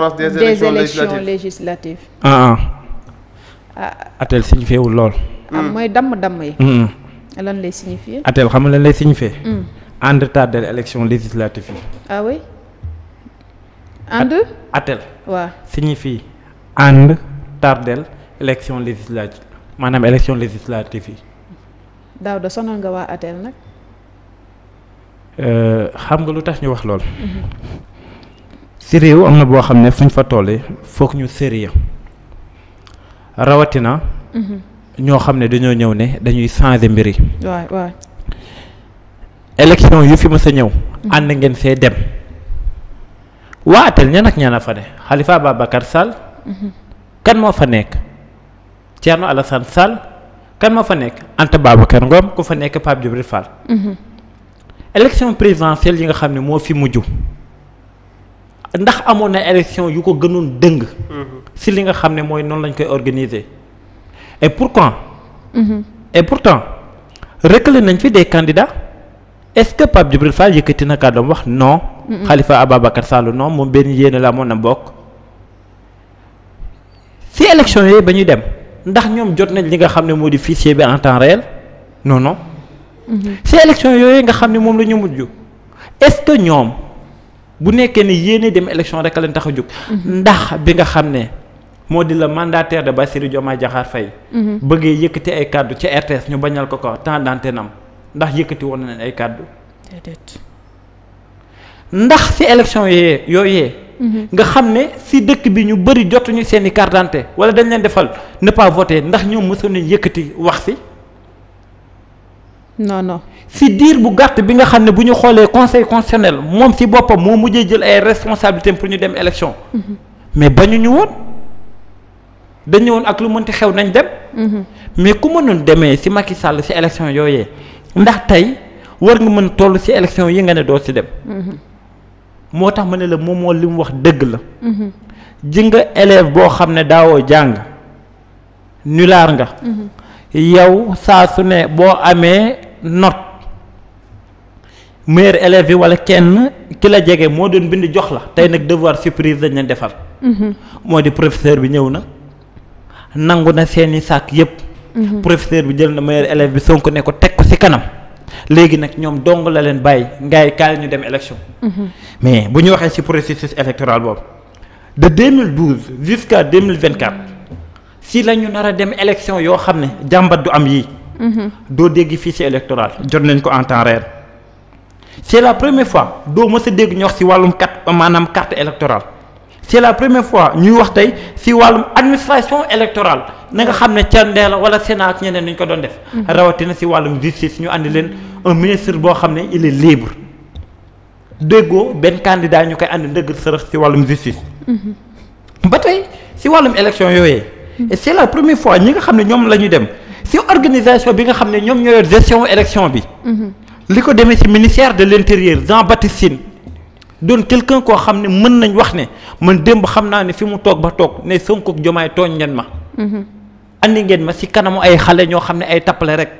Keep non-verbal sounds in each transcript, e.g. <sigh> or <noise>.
transparence des élections législatives législatives ah ah, ah. atel signifiewul lool ah, hmm. mooy damm-damm yi hmm, hmm. lan lay signifier atel xam nga lan lay signifier en retard de l'élection ah maanaam élection législative yi da sonal nga euh, xam nga lu tax ñu wax lool mhm. si réew am na boo xam ne fuñ fa tollee foog ñu sérieux rawatina. Mhm. ñoo xam ne dañoo ñëw ne dañuy changer mbir yi. waay yu fi ma a ñëw. Mhm. ànd ngeen see dem. waatel ñan ak ñan a fa ne Khalifa Ababacar Sall. Mhm. kan moo fa nekk. Thierno Alassane Sall. kan moo fa nekk Anta Babacar Ngom ku fa nekk Pape Djibril Fall. élection présidentielle yi nga xam ne moo fi mujj. ndax amoon na élection yu ko gënoon dëng. Mhm. si li nga xam ne mooy noonu lañ koy organiser et pourquoi. Mmh. et pourtant recalé nañ fi des candidats est-ce que Pape Djibril Fall yëkkati na kàddoom wax non. Mhm. Khalifa Ababacar Sall non moom benn yéene la amoon na bokk. si élection yooyu ba ñuy dem ndax ñoom jot nañ li nga xam ne moo di fichier bi en temps réel non non. Mmh. si élection yooyu nga xam ne moom la ñu mujj est ñoom. bu nekkee ne yéene dem élection rek a leen tax a jóg. Mhm. ndax bi nga xam ne moo di la mandataire de Bassirou Diomaye Diakhar fay mhm. bëggee yëkkati ay kàddu ci RTS ñu bañal ko ko temps d'antenne am ndax yëkkati woon nañ ay kàddu. déedéet. ndax ci élection yooyee mhm. nga xam ne ci dëkk bi ñu bëri jotuñu seen i carte d'identité wala dañ leen defal ne pas ndax ñoo mësoon nañ yëkkati wax si non si diir bu gàtt bi nga xam ne bu ñu xoolee conseil constitutionnel moom si boppam moo mujjee jël ay responsabilités pour ñu dem élection. Mm-hmm. mais bañu ñu woon dañu woon ak lu mënti xew nañ dem. Mm-hmm. mais ku mënoon demee si Macky Sall si élection yooyee ndax tey war nga mën toll si élection yi nga ne doo si dem. Mm-hmm. moo tax ma ne la moom moo li mu wax dëgg la. ji nga élève boo xam ne daawoo jàng nulaar nga. yow saa su ne boo amee. note meilleur élève bi wala kenn ki la jege moo doon bind jox la tey nag devoir surprise dañ leen defal. Mm-hmm. moo di professeur bi ñëw na nangu na seeni sàkk yëpp. Mm-hmm. professeur bi jël na meilleur élève bi Sonko ne ko teg ko léegi nag ñoom dong la leen bàyyi ngay kaay ñu dem élection. Mm-hmm. mais bu ñu waxee ci processus électoral boobu de 2012 jusqu'à 2024 si la ñu nar a dem élection yoo xam ne jàmbat du am yii. Mm-hmm. doo dégg fichier électoral jot nañ ko en temps réel c'est la première fois doo mës dégg ñu wax ci wàllum carte maanaam carte électorale c'est la première fois ñuy wax tey ci wàllum administration électorale na nga xam ne ca ndee la wala Sénat ak ñeneen ñu ko doon def. Mm-hmm. rawatina ci wàllum justice ñu andi leen un ministre boo xam ne il est libre déggoo benn candidat ñu koy andi ndëgg sërëx ci wàllum justice. Mm-hmm. ba tey ci wàllum élection yooyee. et c'est la première fois ñi nga xam ne ñoom la ñu dem. si organisation bi nga xam ne ñoom ñoo yor gestion élection bi. li ko demee si ministère de l' intérieur Jean Baptiste Tine doon quelqu'un koo xam ne mën nañ wax ne man démb xam naa ne fi mu toog ba toog ne Sonko ak Jomaay tooñ ngeen ma. andi ngeen ma si kanamu ay xale ñoo xam ne ay tappale rek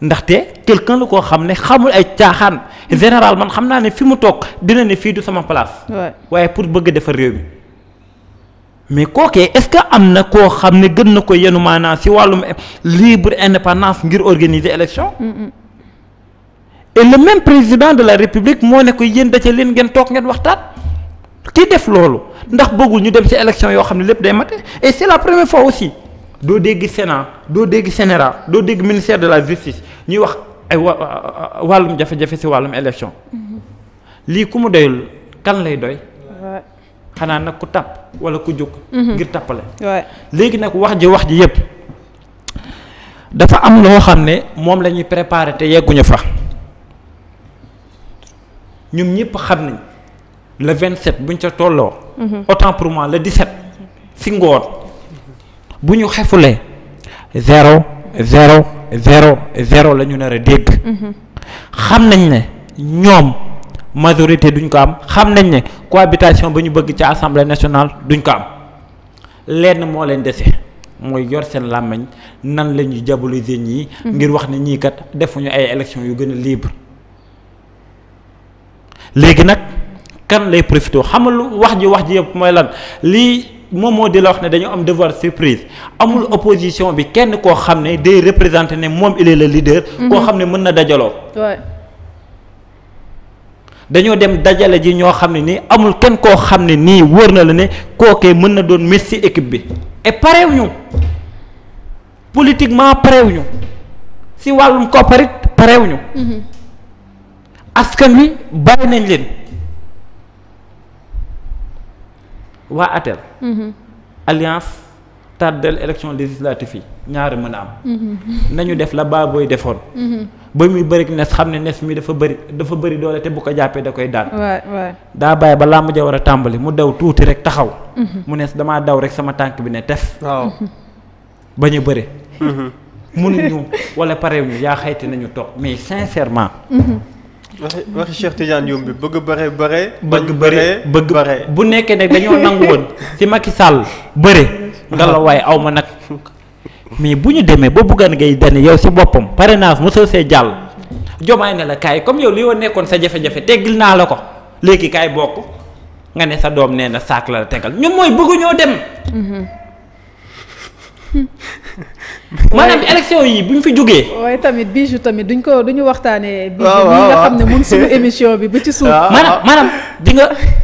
ndaxte quelqu'un la koo xam ne xamul ay caaxaan général man xam naa ne fi mu toog dina ne fii du sama place. waaye pour bëgg defar réew mi. mais kookee est-ce que am na koo xam ne gën na ko yenu maanaam si wàllum libre indépendance ngir organiser élection et le même président de la république moo ne ko yéen da ca leen ngeen toog ngeen waxtaan ki def loolu ndax bëggul ñu dem ci élection yoo xam ne lépp day mate et c'est la première fois aussi doo dégg Sénat doo dégg Sénéra doo dégg ministère de la justice ñuy wax ay wa wàllum jafe-jafe si wàllum élection mm-hmm. lii ku mu doyul kan lay doy xanaa nag ku tàpp wala ku jóg. Mhm. ngir tàppale. léegi nag wax ji wax ji yëpp dafa am loo xam ne moom la ñuy préparer te yegguñu fa ñoom ñëpp xam nañ le 27 buñ ca tolloo. Mhm. autant pour moi le 17 si ngoon bu ñu xefulee zéro zéro zéro zéro la ñu nar a dégg. Mhm. xam nañ ne ñoom. majorité duñ ko am xam nañ ne cohabitation ba ñu bëgg ci assemblée nationale duñu ko am lenn moo leen dese mooy yor seen làmmiñ nan la ñuy diaboliser ñii. Mm-hmm. ngir wax ni ñii kat defuñu ay élections yu gën a libre léegi nag kan lay profité xamul wax ji wax ji yëpp mooy lan lii moom moo di la wax ne dañoo am devoir surprise amul mm-hmm. opposition bi kenn koo xam ne day représenté ne moom il est le mm-hmm. koo xam ne mën na dajaloo. dañoo dem dajale ji ñoo xam ne nii amul kenn koo xam ne nii wër na la ne kookee mën na doon Messi équipe bi e et parewuñu politiquement parewuñu si wàllum kopparit parewuñu mhm. askan wi bari nañ leen waa ATEL mhm. alliance tardel élection législative yi ñaari mën a am. Mm-hmm. nañu def la baa booy defoon. Mm-hmm. ba muy bëri nes xam ne nes mi dafa bëri dafa bëri doole te bu ko jàppee da koy daan. daa bàyyi ba làmb a war a tàmbali mu daw tuuti rek taxaw. Mm-hmm. mu ne damaa daw rek sama tànk bi ne tef. waaw ba ñu bëri. mënuñu wala parewuñu yaa xayti nañu toog mais sincèrement. waxi waxi Cheikh Tidiane Youm bëgg bëre bëre. bëgg bëre bu nekkee nag dañoo nangu woon ci Macky Sall bëre. nga la waaye aw ma nag mais bu ñu demee ba buggaan ngay dani yow si boppam parrainage mosoo see jàll jomaay ne la kaay comme yow li woon nekkoon sa jafe-jafe teggil naa la ko léegi kaay bokk nga ne sa doom nee na saak la la tegal ñun mooy bëgguñoo dem <laughs> maanaam élection yi bu ñu fi jógee waaye tamit bijou tamit duñ ko duñu waxtaanee ah, bijou bi nga xam ne mun suñu <laughs> émission bi ba ci suuf ah, maanaam ah. maanaam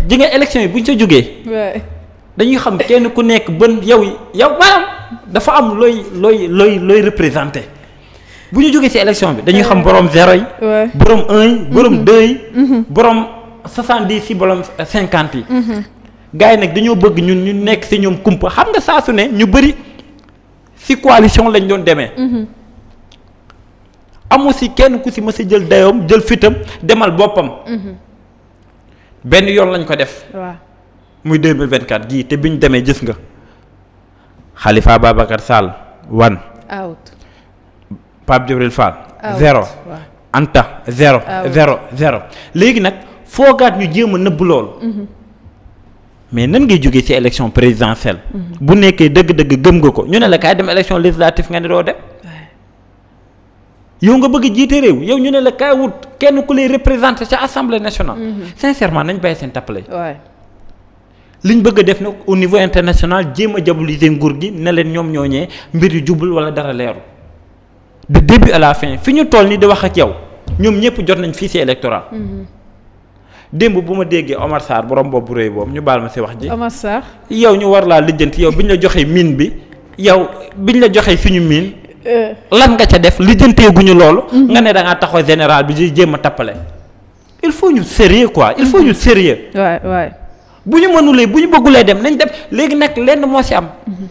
di nga di yi bu ñu sa jógee dañuy xam kenn ku nekk bën yow yow maanaam dafa am looy looy looy looy représenté bu ñu jógee ci élection bi dañuy xam borom zéro yi. borom un yi borom mhm. deux yi. Mhm. borom soixante di si borom cinquante yi. Mhm. gars yi nag dañoo bëgg ñun ñu nekk ci ñoom kumpa xam nga saa su ne ñu bëri ci coalition lañ doon demee. amu ci kenn ku ci ma a jël dayoom jël fitam demal boppam. benn yoon lañ ko def. muy 2024 gii te bi ñu demee gis nga Khalifa Ababacar Sall one out Pape Djibril Fall zéro Anta zéro zéro zéro léegi nag foogaat ñu jéem a nëbb loolu mhm. mais nan ngay jógee ci élection présidentielle mhm. bu nekkee dëgg-dëgg gëm nga ko ñu ne la kaay dem élection législative nga ne doo dem yow nga bëgg jiite réew yow ñu ne la kaay wut kenn ku lay représenté ca assemblée nationale mhm. sincèrement nañ bàyyi seen tappale liñ bëgg a def nag au niveau international jéem a diaboliser nguur gi na leen ñoom ñooñee mbir yu jubul wala dara leeru du début à fin fi ñu tool nii di wax ak yow ñoom ñëpp jot nañ fichier électoral. Mhm. démb bu ma déggee omarsar Sarr borom boobu réy boobu ñu baal ma si wax ji. Omar Sarr yow ñu war laa lijjanti yow bi ñu la joxee mine bi yow bi ñu la joxee fi suñu mine. Euh. lan nga ca def lijjantee loolu. Mhm. nga ne da taxaw général bi di jéem a tappale. il faut ñu sérieux quoi il faut ñu sérieux. bu ñu mënulee bu ñu bëggulee dem nañ dem léegi nag lenn moo ci am. Mhm.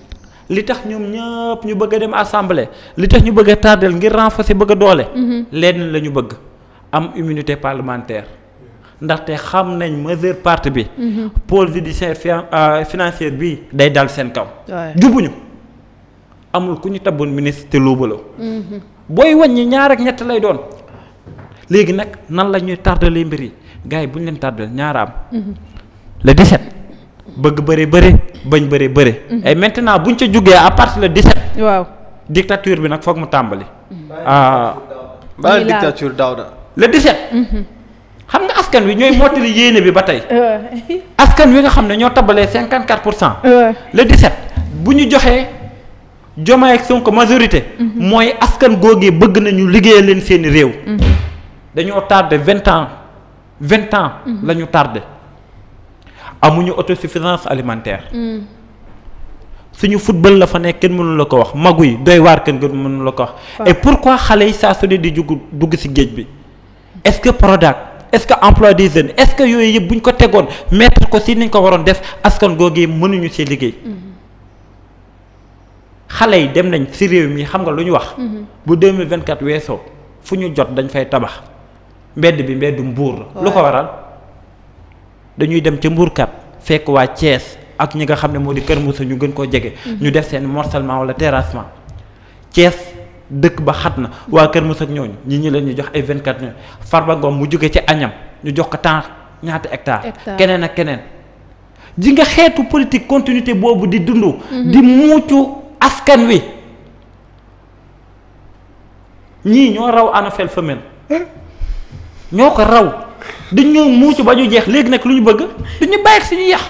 li tax ñoom ñëpp ñu bëgg a dem assemblée li tax ñu bëgg a tardel ngir renforcer bëgg a doole. Mhm. lenn lañu bëgg am immunité parlementaire ndaxte xam nañ mesure parti bi. Mhm. pôle judiciaire euh, financier bi day dal seen kaw. jubuñu amul ku ñu tabboon ministre te loobaloo. booy wàññi ñaar ak ñett lay doon léegi nag nan la ñuy tardalee mbir yi gars yi bu ñu leen tardel ñaar am. le 17 bëgg bëri bëri bañ bëri bëri. Mhm. et maintenant buñ ca jugee à partir le 17. waaw dictature bi nag foog mu tàmbali. Mhm. ah. bàyyi dictature daaw na mhm. xam nga askan wi ñooy mottali yéene bi ba tey. <laughs> askan wi nga xam ne ñoo tabalee 54 pour cent. le 17 bu ñu joxee Diomaye ak Sonko majorité. mooy askan googee bëgg nañu liggéeya leen seeni réew. dañoo tardé vingt ans vingt ans la ñu tardé. amuñu auto suffinance alimentaire. Mm. suñu football la fa nekk kenn mënu la ko wax magu yi doy waar kenn gën mënu la ko wax. et pourquoi xale yi saa su ne di jug dugg ci géej bi est-ce que Prodac est-ce que emploi des jeunes est-ce que yooyu yëpp bu ñu ko tegoon mettre ko ci niñ ko waroon def askan googu mënuñu ci liggéey. Mm-hmm. xale yi dem nañ ci réew mii xam nga lu ñu wax. Mm-hmm. bu 2024 weesoo fu ñu jot dañ fay tabax mbedd bi mbedd mbuur la. lu ko waral. dañuy dem ca mbuurkat fekk waa cees ak ñi nga xam ne moo di Kër Moussa ñu gën koo jege. Mm-hmm. ñu def seen morcellement wala terrassement Thiès dëkk ba xat na mm-hmm. waa Kër Moussa ak ñooñu ñi ñi leen ñu jox ay 24 ñooñu Farba Ngom mu jóge ci añam ñu jox ko temps ñaata hectare keneen ak keneen ji nga xeetu politique continuité boobu di dund mm-hmm. di muucu askan wi ñii ñoo raw ana fel femelle eh? ñoo ko raw dañ ñoo muucu ba ñu jeex léegi nag lu ñu bëgg duñu bàyyi suñu yax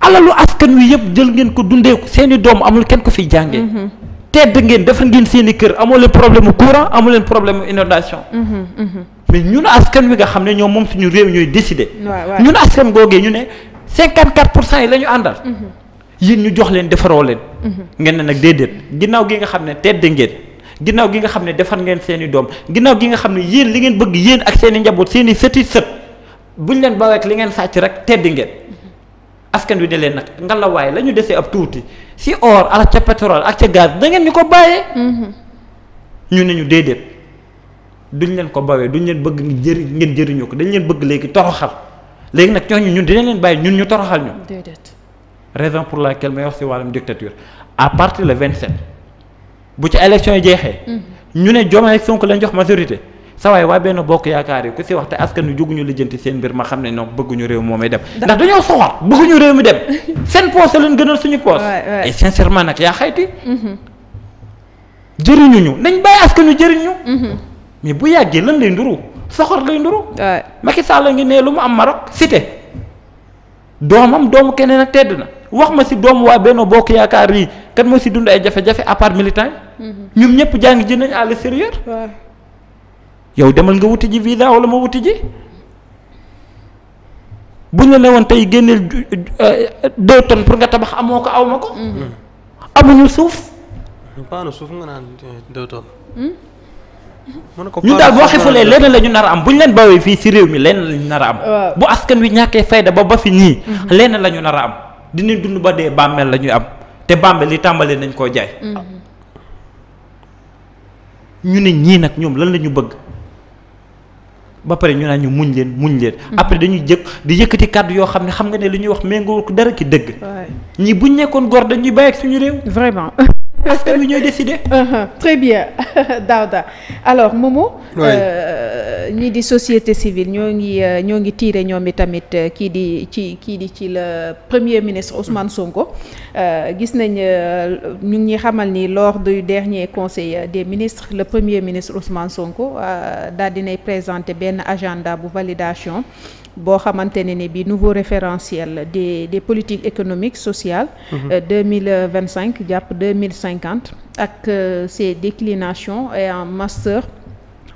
alalu askan wi yëpp jël ngeen ko dundee seeni seen i doom amul kenn ko fiy jàngee. Mm-hmm. tedd ngeen defar ngeen seeni kër amoo leen problème mu courant amoo leen problème mu inondation. Mm-hmm, mm-hmm. mais ñun askan wi nga xam ne ñoom moom suñu réew ñooy décider. ñun askan googee ñu ne 54 pour cent yi lañu ñu àndal. yéen ñu jox leen defaroo leen. ngeen ne nag déedéet ginnaaw gi nga xam ne tedd ngeen. ginnaaw gi nga xam ne defar ngeen seeni doom ginnaaw gi nga xam ne yéen li ngeen bëgg yéen ak seeni i njaboot seen i sëti sët buñ leen bawee ak li ngeen sàcc rek teddi ngeen askan wi ne leen nag ngalawaay la ñu desee ab tuuti si oor ak ca pétrole ak ca gaz da ngeen ñu ko bàyyee. Mm-hmm. ñu ne ñu déedéet duñ leen ko bawee duñ leen bëgg jëri ngeen jëriñoo ko dañ leen bëgg léegi toroxal léegi nag ñooñu ñun dinañ leen bàyyi ñun ñu toroxal ñu. déedéet raison pour laquelle may wax si wàllum dictature à partir le 27. bu ci élection yi jeexee. Mm. ñu ne Diomaye Sonko lañ jox majorité. sa waay waa benn bokk yaakaar yi ku si wax te askan wi jóguñu lijjanti seen mbir ma xam ne ñoom bëgguñu réew moomay dem. ndax dañoo soxor bëgguñu réew mi dem. <laughs> seen poos leen gënal suñu poos. et sincèrement nag yaa xayti. Mm-hmm. jëriñuñu nañ bàyyi askan wi jëriñu. Mm-hmm. mais bu yàggee lan lay nduru soxor lay nduru. waaw Macky la ngi ne lu mu am Maroc cité. doomam doomu keneen ak tedd na wax ma si doom waa benn Bokk Yaakaar yi kat moo si dund ay jafe-jafe à part militant yi. Mhm. ñoom ñëpp jàng ji nañ yow demal nga wuti ji visa wala ma wuti ji bu la ne woon tey génneel euh, deux pour nga tabax amoo ko aw ma ko. Mhm. amuñu suuf. paanu suuf nga naan euh, deux ñun daal boo xifulee lenn la ñu nar a am bu ñu leen bawee fii si réew mi lenn la ñu nar a am. Euh, bu askan wi ñàkkee fayda ba ba fi ñii. Mhm. lenn la ñu nar am dinañ dund ba dee bàmmeel la ñuy am te bàmmeel yi tàmbalee nañ koo jaay. Mhm. ñu ne ñii nag ñoom lan la ñu bëgg ba pare ñu naan ñu muñ leen muñ leen. Mhm. après dañuy jëkk di yëkkati kàddu yoo xam ne xam nga ne li ñuy wax méngoo ko dara ki dëgg. ñii bu ñu nekkoon góor dañuy bàyyi ak suñu réew. <laughs> askan wi ñooy décider. Uh-huh. très bien <laughs> Daouda alors Momo. Euh, ñii di société civile ñoo ngi euh, ñoo ngi tiire ñoom itamit euh, kii di ci kii di ci le premier ministre Ousmane Sonko gis nañ ñu ngi xamal ni lors du dernier conseil des ministre le premier ministre Ousmane Sonko daal dinay présenté benn agenda bu validation. boo xamante ne ni bi nouveau référentiel des des politiques économique sociales mhm. euh, deux mille vingt cinq jàpp deux mille cinquante ak euh, ses déclinations et un master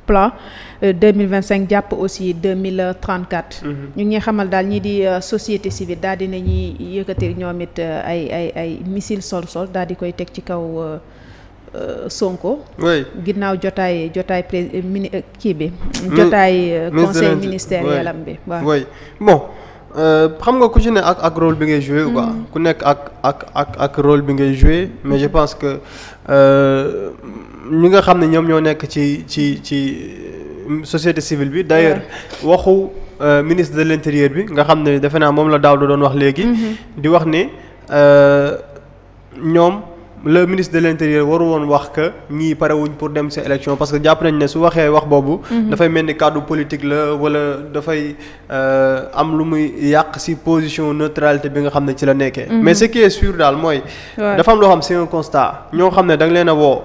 plan euh, deux mille vingt cinq jàpp aussi deux mille trente quatre mhm. ñu ngi xamal daal ñi di société civile daal dinañuy yëkkati ñoom it ay ay ay missile sol sol daal di koy teg ci kaw Euh, Sonko. oui ginnaaw jotaay jotaay prés euh, euh, kii bi. jotaay conseil ministériel am bi waaw. oui bon xam nga ku ci ak ak rôle bi ngay joué. quoi mm. ku nekk ak ak ak ak bi ngay joué mais je mm. pense que ñi nga xam ne ñoom ñoo nekk ci ci ci société civile bi d'ailleurs waxu. Euh, ministre de l'intérieur bi nga xam ne defe naa moom la daaw doon wax léegi. Mm-hmm. di wax ni ñoom. le ministre de l' intérieur waru woon wax que ñii pare pour dem si élection parce que jàpp nañ ne su waxee wax boobu. Mhm. dafay mel ni kàddu politique la wala dafay euh, am lu muy yàq si position neutralité bi nga xam ne ci la nekkee. Mhm. mais ce qui est daal mooy. dafa am loo xam c' est un constat ñoo xam ne da nga leen a woo.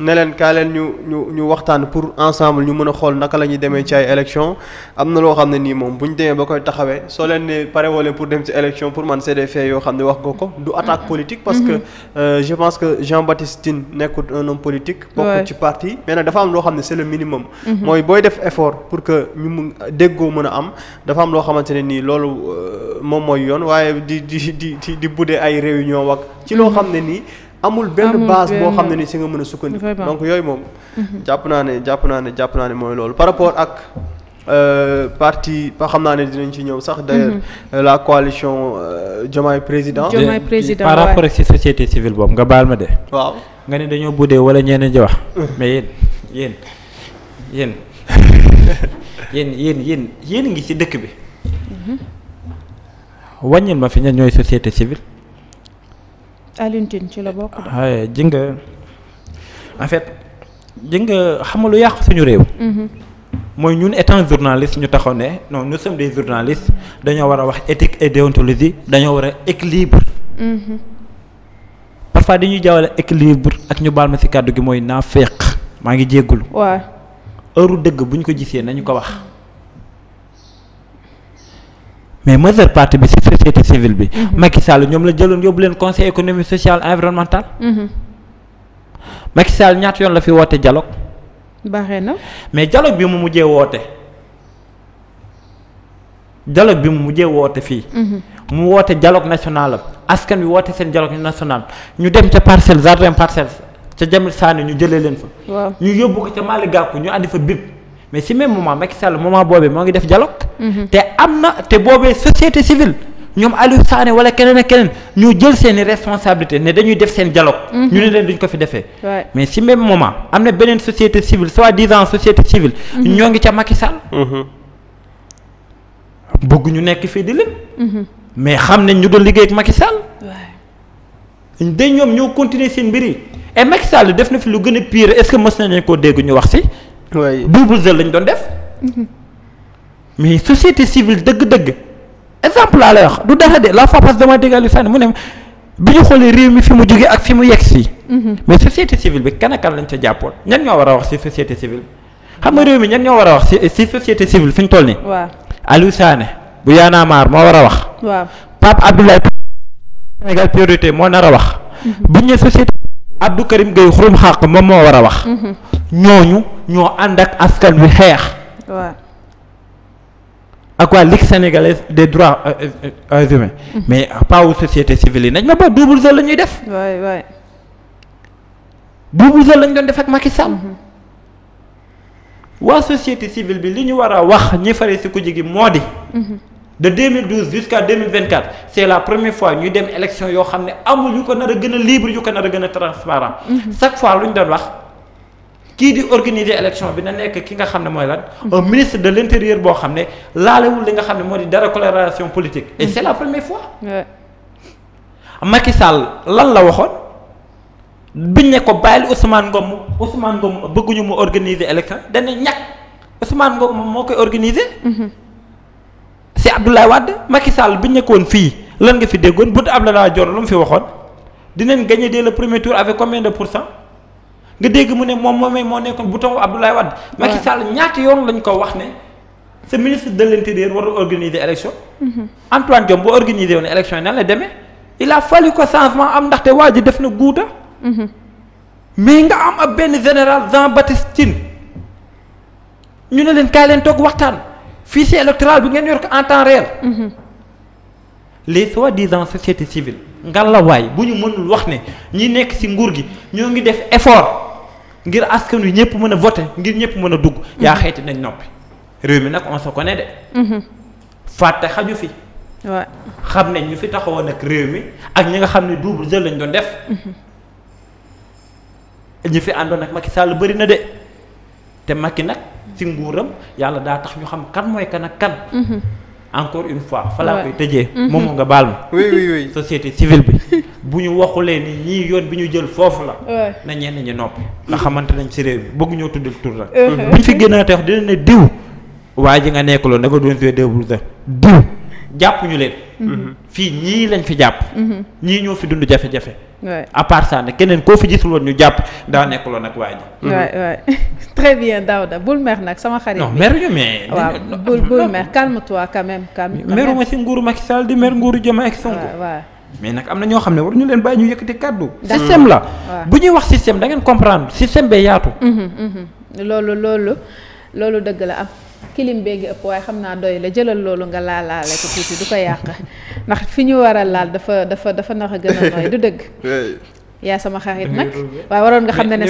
ne leen kaa leen ñu ñu ñu waxtaan pour ensemble ñu mën a xool naka la ñuy demee ci ay élection am na loo xam ne nii moom bu ñu demee ba koy taxawee soo leen ne pare woo leen pour dem ci élection pour man c'est des yoo xam ne wax nga ko du attaque politique parce que mhm. euh, je pense que Jean-Baptiste Tine nekkut un politique bokk ci parti mais nag dafa am loo xam ne c'est le minimum mhm. mooy booy def effort pour que ñu mu déggoo mën a am dafa am loo xamante ne nii loolu euh, moom mooy yoon waaye di di di di buddee ay réunion wax ci loo mhm. xam ne nii amul benn base boo xam ne ni si nga mën a sukkandiku donc yooyu moom mhm. jàpp naa ne jàpp naa ne jàpp naa ne mooy loolu par rapport ak euh, parti ba xam naa ne dinañ ci ñëw sax d'ailleurs mhm. euh, la coalition euh, Diomaye président par rapport ak si société civile boobu nga baal ma de waaw nga ne dañoo buddee wala ñeneen di <laughs> mais yéen yéen <laughs> yéen yéen yéen yéen ngi ci dëkk bi mhm. wàññil ma fi ñan ñooy société civile Alioune Tine ci la bokk. waaye ah, ji nga en fait ji nga xam lu yàq suñu réew. Mhm. mooy ñun étant journaliste ñu taxaw ne non nous sommes des journalistes dañoo war a wax éthique et déontologie dañoo war a équilibre. Mhm. parfois dañuy jaawale équilibre ak ñu baal ma ci kàddu gi mooy naa naafeq maa ngi jéggulu waa heure dëgg bu ñu ko gisee nañu ko wax. mais majeure partie bi ci société civile bi. Mhm. Macky Sall ñoom la jëloon yóbbu leen conseil économique social environnemental. Mhm. Macky Sall yoon la fi woote dialogue. baaxee na mais dialogue bi mu mujjee woote. dialogue bi mu mujjee woote fii. Mhm. mu woote dialogue national am askan wi woote seen dialogue national ñu dem ca parcelle jardin parcelle ca Jamil Sane ñu jëlee leen fa. ñu yóbbu ko ca Malick Gakou ñu andi fa bip. mais si même moment Macky Sall moment boobee moo ngi def dialogue. Mhm. te am na te boobee société civile ñoom Aliou Sané wala keneen ak keneen ñu jël seeni i responsabilité ne dañuy def seen dialogue. Mhm. ñu ne leen duñ ko fi defee. mais si même moment am na beneen société civile soi-disant société civile. Mhm. ñoo ngi ca Macky Sall. ñu nekk fii di lim. mais xam nañ ñu doon liggéey ak Macky Sall. dañ ñoom ñoo continuer seen mbir yi et def na fi lu gën a pire est-ce que mës nañu koo dégg ñu wax si. oui buubu lañ doon def. Mhm. mais société civile dëgg-dëgg. exemple laa lay wax du dara de la FAPAS dama dégg Aliou mu ne bi ñu xoolee réew mi fi mu jógee ak fi mu yegg si. Mhm. mais société civile bi kan ak kan lañ ca jàppoon ñan ñoo war a wax ci société civile xam nga réew mi ñan ñoo war a wax ci ci société civile fi ñu toll nii. waaw bu Y'en a marre moo war a wax. waaw Pape Abdoulaye Sénégal priorité moo nar a wax. Mhm. buñ ne société. Abdou Karim Gueye xurum xàq moom moo war a wax. Mhm. ñooñu ñoo ànd ak askan wi xeex. waaw ak waa Ligue sénégalaise des droits euh, euh, euh, humains. Mhm. mais pas wu société civile yi nañ ma ba double zone la ñuy def. waay waay. double zone lañ doon def ak Macky Sall. Mhm. waa société civile bi li ñu war a wax ñi fare si ku jigi moo di. de 2012 jusqu'à 2024 c'est la première fois ñuy dem élection yoo xam ne amul yu ko nar a gën a libre yu ko nar a gën a transparent mm-hmm. chaque fois lu ñu doon wax kii di organiser élection bi na nekk ki nga xam ne mooy lan un ministre de l'intérieur boo xam ne laalewul li nga xam ne moo di dara coloration politique et c'est la première fois Macky Sall lan la waxoon biñ ne ko bàyyil Ousmane Ngom Ousmane Ngom bëgguñu mu organiser élection dana ñàkk Ousmane Ngom moom moo koy organiser mm-hmm. si Abdoulaye Wade Macky Sall bi ñëkkoon fii lan nga fi déggoon bu Abdoulaye Dior lu mu fi waxoon dinañ gagné dès le premier tour avec combien de pour cent nga dégg mu ne moom moom moomay moo nekkoon bu taxu Abdoulaye Wade. waaw Macky Sall ñaata yoon lañ ko wax ne sa ministre de l' intérieur war a organiser élection. Mhm. Antoine Diome bu organiser woon élection yi nan la demee il a fallu que changement am ndaxte waa ji def na guuta mhm. mais nga am ab benn général Jean Baptiste Tine ne leen kaay leen waxtaan. fichier électoral bi ngeen yor ko en temps réel. Mhm. les soi-disant société civile. ngalawaay bu ñu mënul wax ne ñi nekk ci nguur gi ñoo ngi def effort ngir askan wi ñëpp mën a voter ngir ñëpp mën a dugg. Mhm. yaa xeeti nañ noppi. réew mi nag on se connaît de. Mhm. fàtte xaju fi. waaw xam ne ñu fi taxawoon ak réew mi ak ñi nga xam ne double jël lañ doon def. ñi fi àndoon ak Macky Sall bëri na de te Macky nag. si nguuram yàlla daa tax ñu xam kan mooy kan ak kan. Mhm. encore une fois fa laa koy tëjee. Mhm. moom nga baal ma. oui oui bi <laughs> bu ñu waxulee ni ñii yoon bi ñu jël foofu la. na ñenn ñi noppi. nga xamante nañ si réew mi bëgg ñoo tudd tur rek. Uh-huh. bu ñu fi gënaatee wax dina ne diw. waa ji nga nekk da nga doon jouer deux boules diw jàpp ñu leen. Mhm. fii ñii lañ fi jàpp. ñii ñoo fi dund jafe-jafe. à part ça nag keneen koo fi gisul woon ñu jàpp daa nekkuloon ak waa ji. waay hmm. <laughs> très bien Daouda bul mer nag sama xarit. non mer ñu mais. bul bul mer calme toi quand même. calme toi meru ma si nguuru Macky Sall di mer nguuru Diomaye ak Sonko. mais nag am na ñoo xam ne waruñu leen bàyyi ñu yëkkati kàddu. système la bu ñuy wax système da ngeen comprendre système bee yaatu. Mhm, mhm. loolu loolu loolu dëgg la am. kilim bee ngi ëpp waaye xam naa doy la jëlal loolu nga la ko tuuti du ko yàq ndax fi ñu war a laal dafa dafa dafa nax a gën a nooy du dëgg <laughs> yaa sama xarit <laughs> nag waaye waroon nga xam ne ne